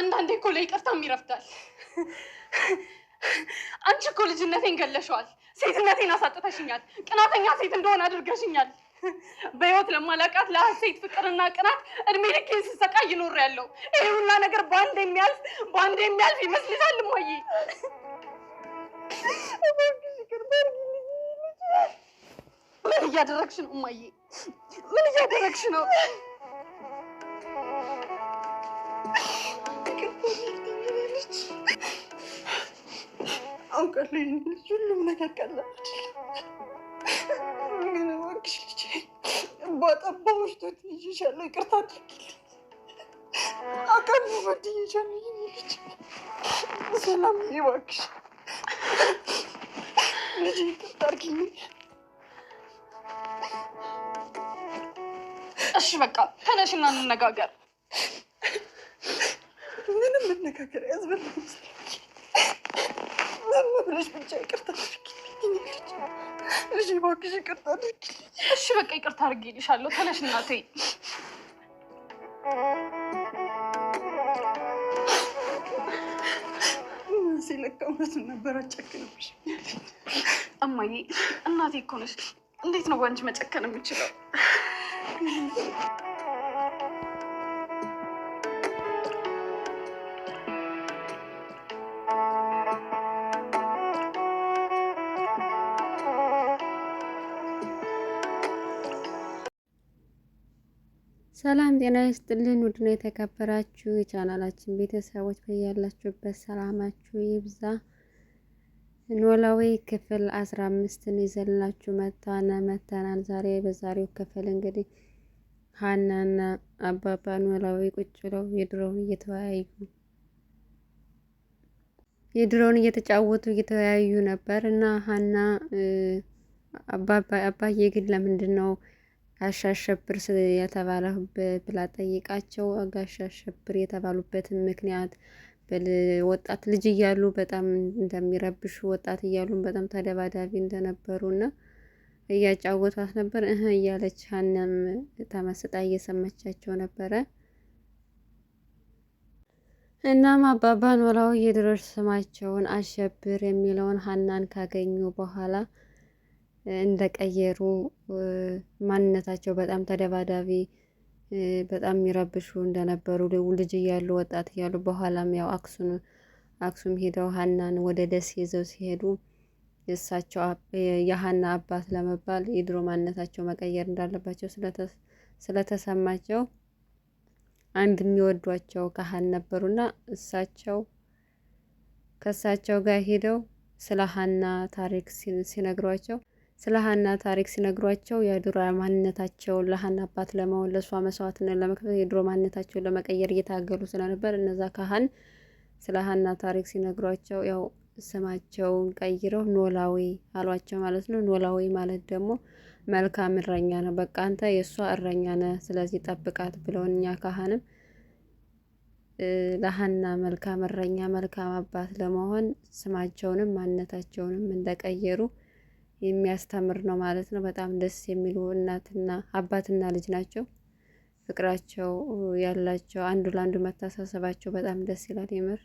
አንዳንዴ እኮ ለይቅርታም ይረፍዳል። አንቺ እኮ ልጅነቴን ገለሸዋል። ሴትነቴን አሳጥተሽኛል። ቅናተኛ ሴት እንደሆነ አድርገሽኛል። በህይወት ለማላቃት ለሀሴት ፍቅርና ቅናት እድሜ ልኬን ስሰቃይ ይኖር ያለው ይሄ ሁላ ነገር በአንድ የሚያልፍ በአንድ የሚያልፍ ይመስልሻል? ሞይ ምን እያደረግሽ ነው? እማዬ ምን እያደረግሽ ነው? አውቃለሁ። ሁሉም ነገር ቀላል ግን እባክሽ ልጄ ባጠባ ወስዶት ይዤሻለሁ። ይቅርታ አድርጊልኝ። አውቃለሁ በድዬሻለሁ። ልጄ ሰላም እባክሽ ልጄ ይቅርታ አድርጊኝ። እሺ በቃ ተነሽና እንነጋገር። ምንም መነጋገር ያስፈልግ ልጅ ብቻ ይቅርታ አድርጊልኝ። ልጅ እባክሽ ይቅርታ አድርጊልኝ። እሺ በቃ ይቅርታ አድርጊልሻለሁ። ተነሽ እናቴ ሲለካ ነበር። እማዬ፣ እናቴ እኮ ነሽ። እንዴት ነው በአንቺ መጨከን የምችለው? ሰላም ጤና ይስጥልን። ውድና የተከበራችሁ የቻናላችን ቤተሰቦች በያላችሁበት ሰላማችሁ ይብዛ። ኖላዊ ክፍል አስራ አምስትን ይዘላችሁ መታነ መተናል። ዛሬ በዛሬው ክፍል እንግዲህ ሀናና አባባ ኖላዊ ቁጭ ብለው የድሮውን እየተወያዩ የድሮውን እየተጫወቱ እየተወያዩ ነበር እና ሀና አባባ አባዬ ግን ለምንድን ነው አሻሸብር የተባለበት ብላ ጠይቃቸው ጋሻ የተባሉበትን ምክንያት ወጣት ልጅ እያሉ በጣም እንደሚረብሹ ወጣት እያሉ በጣም ተደባዳቢ እንደነበሩ እና እያጫወቷት ነበር እህ እያለች ሀናም ተመስጣ እየሰማቻቸው ነበረ። እናም አባባ ኖላዊ የድሮች ስማቸውን አሸብር የሚለውን ሀናን ካገኙ በኋላ እንደቀየሩ ማንነታቸው በጣም ተደባዳቢ በጣም የሚረብሹ እንደነበሩ ልጅ እያሉ ወጣት እያሉ በኋላም ያው አክሱም አክሱም ሄደው ሀናን ወደ ደስ ይዘው ሲሄዱ የእሳቸው የሀና አባት ለመባል የድሮ ማንነታቸው መቀየር እንዳለባቸው ስለተሰማቸው አንድ የሚወዷቸው ካህን ነበሩና እሳቸው ከእሳቸው ጋር ሄደው ስለ ሀና ታሪክ ሲነግሯቸው ስለ ሀና ታሪክ ሲነግሯቸው የድሮ ማንነታቸውን ለሀና አባት ለመሆን ለእሷ መስዋዕትነት ለመክፈል የድሮ ማንነታቸውን ለመቀየር እየታገሉ ስለነበር እነዛ ካህን ስለ ሀና ታሪክ ሲነግሯቸው ያው ስማቸውን ቀይረው ኖላዊ አሏቸው ማለት ነው። ኖላዊ ማለት ደግሞ መልካም እረኛ ነው። በቃ አንተ የእሷ እረኛ ነህ፣ ስለዚህ ጠብቃት ብለውን እኛ ካህንም ለሀና መልካም እረኛ መልካም አባት ለመሆን ስማቸውንም ማንነታቸውንም እንደቀየሩ የሚያስተምር ነው ማለት ነው። በጣም ደስ የሚሉ እናትና አባትና ልጅ ናቸው። ፍቅራቸው ያላቸው አንዱ ለአንዱ መታሳሰባቸው በጣም ደስ ይላል። የምር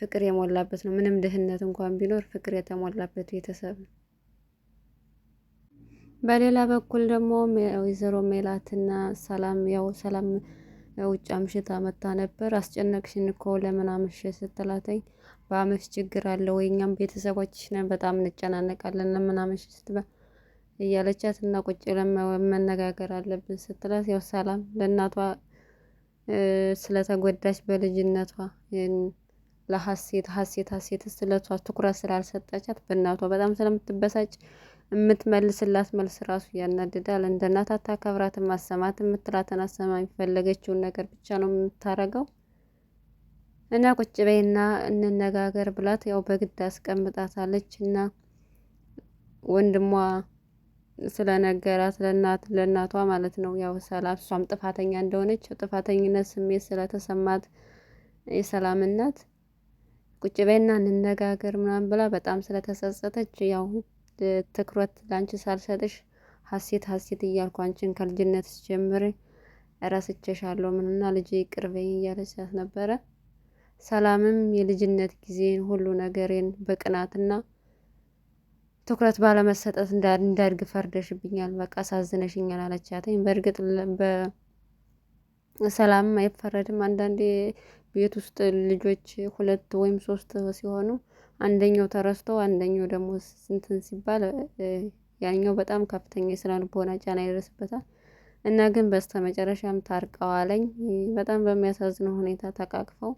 ፍቅር የሞላበት ነው። ምንም ድህነት እንኳን ቢኖር ፍቅር የተሞላበት ቤተሰብ ነው። በሌላ በኩል ደግሞ ወይዘሮ ሜላትና ሰላም ያው ሰላም ውጭ አምሽታ መታ ነበር። አስጨነቅሽን እኮ ለምን አመሸ ስትላተኝ በአመስ ችግር አለ ወይ እኛም ቤተሰቦችሽ ነን በጣም እንጨናነቃለን ለምናምን ስትበ እያለቻት እና ቁጭ ለመነጋገር አለብን ስትላት ያው ሰላም ለእናቷ ስለተጎዳች በልጅነቷ ለሀሴት ሀሴት ሀሴት ስለቷ ትኩረት ስላልሰጠቻት በእናቷ በጣም ስለምትበሳጭ የምትመልስላት መልስ ራሱ ያናድዳል። እንደ እናት አታከብራትም፣ አሰማት የምትላትን አሰማ፣ የሚፈለገችውን ነገር ብቻ ነው የምታረገው። እና ቁጭ በይና እንነጋገር ብላት ያው በግድ አስቀምጣታለች እና ወንድሟ ስለነገራት ለእናት ለእናቷ ማለት ነው ያው ሰላም እሷም ጥፋተኛ እንደሆነች ጥፋተኝነት ስሜት ስለተሰማት የሰላም እናት ቁጭ በይና እንነጋገር ምናምን ብላ በጣም ስለተጸጸተች ያው ትኩረት ለአንቺ ሳልሰጥሽ ሀሴት ሀሴት እያልኩ አንቺን ከልጅነት ጀምሬ ረስቸሻለሁ ምንና ልጅ ቅርበኝ እያለች ነበረ። እያለች ነበረ። ሰላምም የልጅነት ጊዜን ሁሉ ነገሬን በቅናትና ትኩረት ባለመሰጠት እንዳድግ ፈርደሽብኛል፣ በቃ አሳዝነሽኛል አለቻትኝ። በእርግጥ በሰላምም አይፈረድም። አንዳንዴ ቤት ውስጥ ልጆች ሁለት ወይም ሶስት ሲሆኑ አንደኛው ተረስቶ አንደኛው ደግሞ ስንትን ሲባል ያኛው በጣም ከፍተኛ የስነ ልቦና ጫና ይደርስበታል እና ግን በስተመጨረሻም ታርቀዋለኝ በጣም በሚያሳዝነው ሁኔታ ተቃቅፈው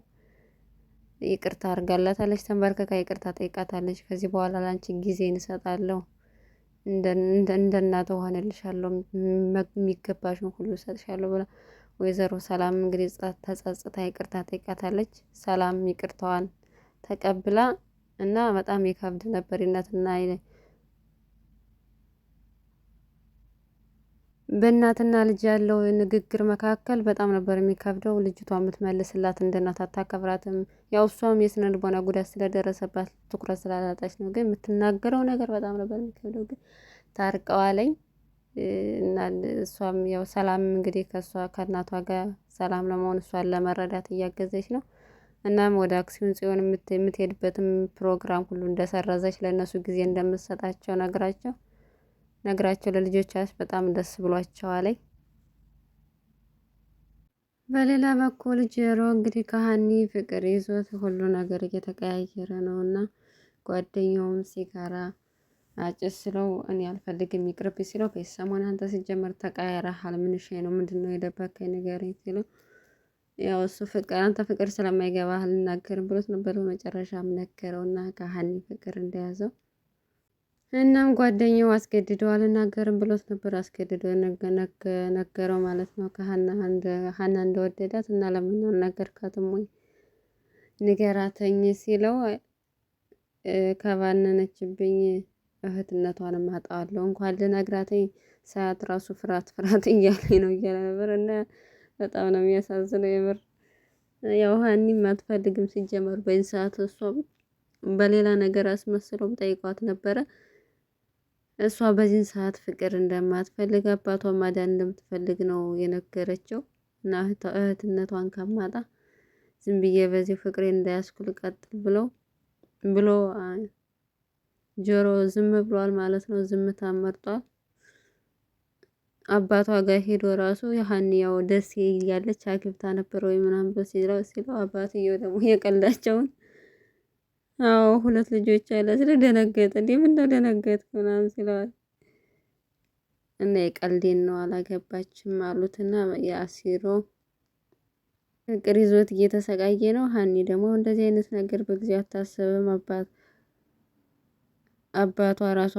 ይቅርታ አርጋላታለች ተንበርከካ ይቅርታ ጠይቃታለች። ከዚህ በኋላ ላንቺ ጊዜ እንሰጣለሁ፣ እንደ እናት ሆንልሻለሁ፣ የሚገባሽን ሁሉ እሰጥሻለሁ ብላ ወይዘሮ ሰላም እንግዲህ ተጸጽታ ይቅርታ ጠይቃታለች። ሰላም ይቅርታዋን ተቀብላ እና በጣም ይከብድ ነበር በእናትና ልጅ ያለው ንግግር መካከል በጣም ነበር የሚከብደው። ልጅቷ የምትመልስላት እንደ እናት አታከብራትም። ያው እሷም የስነ ልቦና ጉዳት ስለደረሰባት ትኩረት ስላላጣች ነው። ግን የምትናገረው ነገር በጣም ነበር የሚከብደው። ግን ታርቀዋለኝ እና እሷም ያው ሰላም እንግዲህ ከእሷ ከእናቷ ጋር ሰላም ለመሆን እሷን ለመረዳት እያገዘች ነው። እናም ወደ አክሲዮን ጽዮን የምትሄድበትም ፕሮግራም ሁሉ እንደሰረዘች ለእነሱ ጊዜ እንደምትሰጣቸው ነግራቸው ነግራቸው ለልጆች በጣም ደስ ብሏቸዋል። በሌላ በኩል ጀሮ እንግዲህ ከሀኒ ፍቅር ይዞት ሁሉ ነገር እየተቀያየረ ነው እና ጓደኛውም ሲጋራ አጭስ ስለው እኔ አልፈልግም ይቅርብ ሲለው በሰሞን አንተ ሲጀመር ተቀያየረሃል ምንሽ ነው ምንድን ነው የደበከኝ ነገር ሲለው ያው እሱ ፍቅር አንተ ፍቅር ስለማይገባህ አልናገርም ብሎት ነበር። በመጨረሻም ነገረው እና ከሀኒ ፍቅር እንደያዘው እናም ጓደኛው አስገድደው አልናገርም ብሎት ነበር አስገድዶ ነገረው ማለት ነው። ከሀና እንደወደዳት እና ለምን አልነገርካትም ወይ ንገራተኝ ሲለው ከባነነችብኝ እህትነቷን አጣዋለሁ እንኳን ልነግራተኝ ሳያት ራሱ ፍርሃት ፍርሃት እያለኝ ነው እያለ ነበር። እና በጣም ነው የሚያሳዝነው የምር ያው ሀኒም አትፈልግም ሲጀመር በዚህ ሰዓት እሷ በሌላ ነገር አስመስለውም ጠይቋት ነበረ። እሷ በዚህን ሰዓት ፍቅር እንደማትፈልግ አባቷ ማዳን እንደምትፈልግ ነው የነገረችው። እና እህትነቷን ከማጣ ዝም ብዬ በዚህ ፍቅሬ እንዳያስኩል ቀጥል ብሎ ብሎ ጆሮ ዝም ብሏል ማለት ነው። ዝምታ መርጧል። አባቷ ጋር ሄዶ ራሱ ያህን ያው ደስ እያለች አግብታ ነበር ወይ ምናምን ብሎ ሲለው አባትየው ደግሞ የቀልዳቸውን አዎ ሁለት ልጆች አለ ስለ ደነገጠ እንዴ ምን እንደደነገጥኩ ምናምን ሲለዋል እና የቀልዴን ነው አላገባችም አሉትና የአሲሮ ፍቅር ይዞት እየተሰቃየ ነው። ሀኒ ደግሞ እንደዚህ አይነት ነገር በጊዜው አታሰብም። አባት አባቷ ራሷ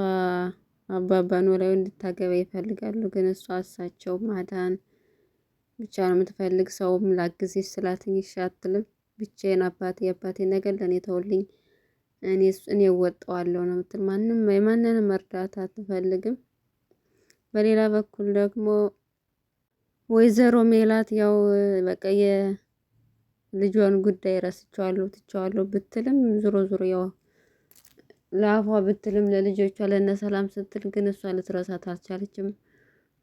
አባባ ኖላዊ እንድታገባ ይፈልጋሉ፣ ግን እሷ እሳቸው ማዳን ብቻ ነው የምትፈልግ። ሰውም ላግዝሽ ስላትኝ እሺ አትልም። ብቻዬን አባቴ አባቴ ነገር ለእኔ ተውልኝ እኔ እኔ እወጣዋለሁ ነው የምትል። ማንም የማንንም እርዳታ አትፈልግም። በሌላ በኩል ደግሞ ወይዘሮ ሜላት ያው በቃ የልጇን ጉዳይ ረስቸዋለሁ ትቸዋለሁ ብትልም ዞሮ ዞሮ ያው ለአፏ ብትልም ለልጆቿ ለነ ሰላም ስትል ግን እሷ ልትረሳት አልቻለችም።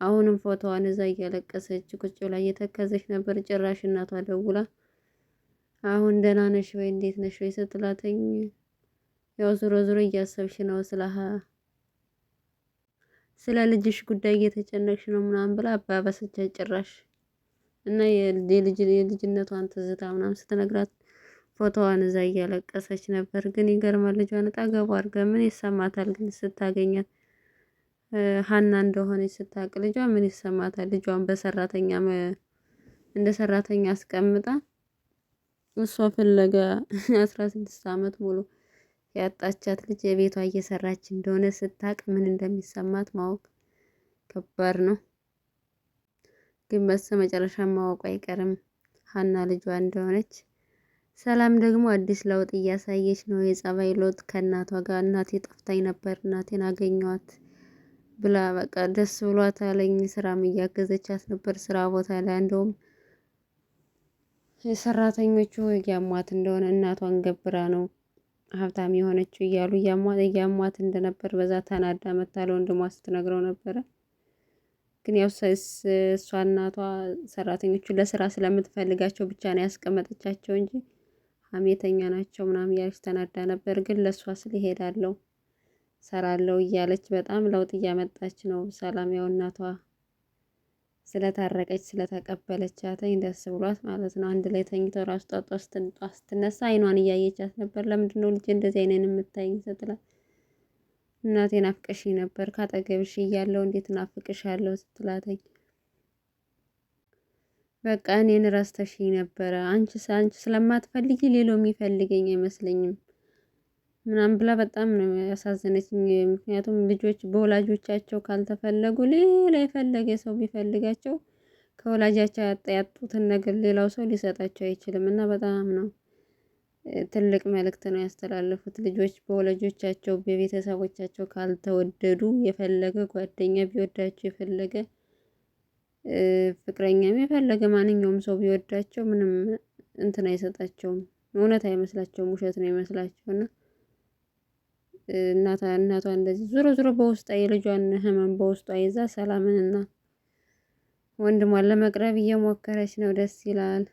አሁንም ፎቶዋን እዛ እያለቀሰች ቁጭ ላይ እየተከዘች ነበር። ጭራሽ እናቷ ደውላ አሁን ደህና ነሽ ወይ እንዴት ነሽ ወይ ስትላተኝ ያው ዞሮ ዞሮ እያሰብሽ ነው ስለ ስለ ልጅሽ ጉዳይ እየተጨነቅሽ ነው ምናምን ብላ አባባሰች። ጭራሽ እና የልጅነቷን ትዝታ ምናምን ስትነግራት ፎቶዋን እዛ እያለቀሰች ነበር። ግን ይገርማል። ልጇን ጠገቡ አድርጋ ምን ይሰማታል? ግን ስታገኛት ሀና እንደሆነች ስታቅ ልጇ ምን ይሰማታል? ልጇን በሰራተኛ እንደ ሰራተኛ አስቀምጣ እሷ ፍለጋ አስራ ስድስት አመት ሙሉ ያጣቻት ልጅ የቤቷ እየሰራች እንደሆነ ስታቅ ምን እንደሚሰማት ማወቅ ከባድ ነው። ግን በስተ መጨረሻ ማወቁ አይቀርም ሀና ልጇ እንደሆነች። ሰላም ደግሞ አዲስ ለውጥ እያሳየች ነው። የጸባይ ለውጥ ከእናቷ ጋር እናቴ ጠፍታኝ ነበር እናቴን አገኘዋት ብላ በቃ ደስ ብሏታለኝ። ስራም እያገዘቻት ነበር ስራ ቦታ ላይ እንደውም ሰራተኞቹ ያሟት እንደሆነ እናቷን ገብራ ነው ሀብታም የሆነችው እያሉ እያሟት እንደነበር በዛ ተናዳ መታ ለወንድሟ ስትነግረው ነበረ። ግን ያው እሷ እናቷ ሰራተኞቹ ለስራ ስለምትፈልጋቸው ብቻ ነው ያስቀመጠቻቸው እንጂ ሀሜተኛ ናቸው ምናምን እያለች ተናዳ ነበር። ግን ለእሷ ስል ይሄዳለው ሰራለው እያለች በጣም ለውጥ እያመጣች ነው። ሰላም ያው እናቷ ስለታረቀች ስለተቀበለቻትኝ ደስ ብሏት ማለት ነው። አንድ ላይ ተኝተው ራሱ ጧጧ ስትነሳ አይኗን እያየቻት ነበር። ለምንድን ነው ልጅ እንደዚህ አይነን የምታይኝ ስትላት እናቴ ናፍቀሽ ነበር ካጠገብሽ እያለው እንዴት ናፍቅሻለሁ ስትላተኝ በቃ እኔን ረስተሽኝ ነበረ። አንቺ ስለማትፈልጊ ሌሎ የሚፈልገኝ አይመስለኝም ምናምን ብላ በጣም ነው ያሳዘነችኝ። ምክንያቱም ልጆች በወላጆቻቸው ካልተፈለጉ ሌላ የፈለገ ሰው ቢፈልጋቸው ከወላጃቸው ያጡትን ነገር ሌላው ሰው ሊሰጣቸው አይችልም እና በጣም ነው ትልቅ መልእክት ነው ያስተላለፉት። ልጆች በወላጆቻቸው በቤተሰቦቻቸው ካልተወደዱ የፈለገ ጓደኛ ቢወዳቸው የፈለገ ፍቅረኛም የፈለገ ማንኛውም ሰው ቢወዳቸው ምንም እንትን አይሰጣቸውም። እውነት አይመስላቸውም፣ ውሸት ነው ይመስላቸው እና እናቷ እንደዚህ ዞሮ ዞሮ በውስጧ የልጇን ህመም በውስጧ ይዛ ሰላምንና ወንድሟን ለመቅረብ እየሞከረች ነው። ደስ ይላል።